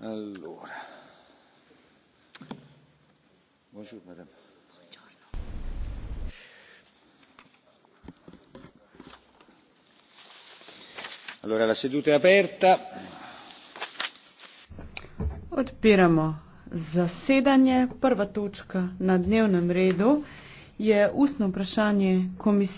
Allora. Buongiorno, madame. Buongiorno. Allora, la seduta è aperta. Odpiramo zasedanje. Prva točka na dnevnem redu je ustno vprašanje komisije.